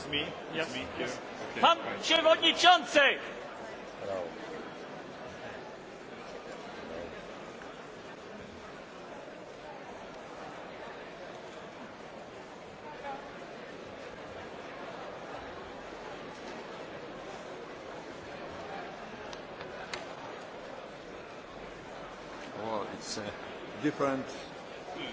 It's me. Yes. It's me here. Okay. Pan Przewodniczący! different. Hmm